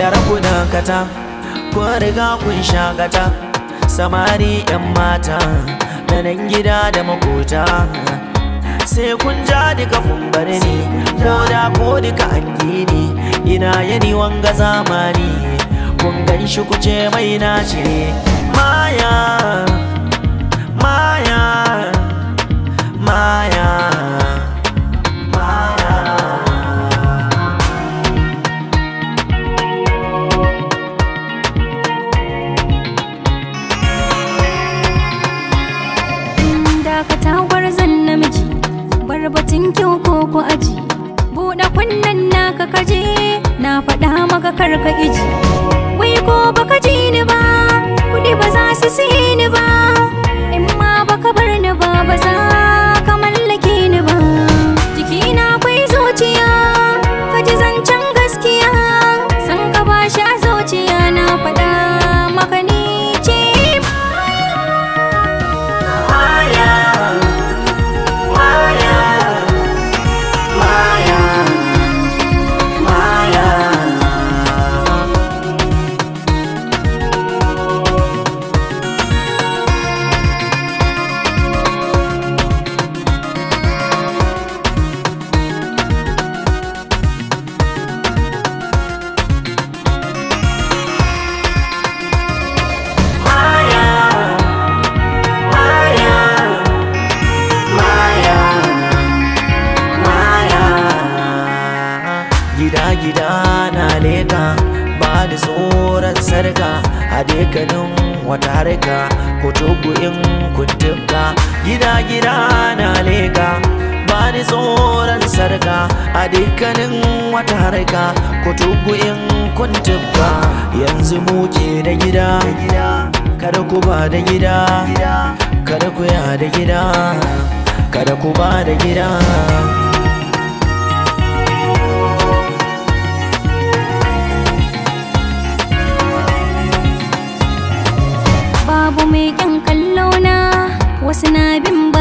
yara ku dakata ku riga kun shakata samari yan mata da nan gida da makota sai kun ja duka kun bar ko da ko duka an ina yani wanga zamani kun gan shi ku ce mai nace, maya maya cikin kyau ko ku aji buɗe kunnen naka kaje na faɗa maka karka iji wai ko baka ji ni ba kuɗi ba za su siye gida-gida na leka ba da tsoron sarka a dekanin wata harka ko tugu in kuntuka gida-gida na leka ba da tsoron sarka a dekanin wata harka ko tugu in kuntuka yanzu muke da gida kada ku ba da gida kada ku ya da gida kada ku ba da gida babu mai kyan kallo wasu na bin ba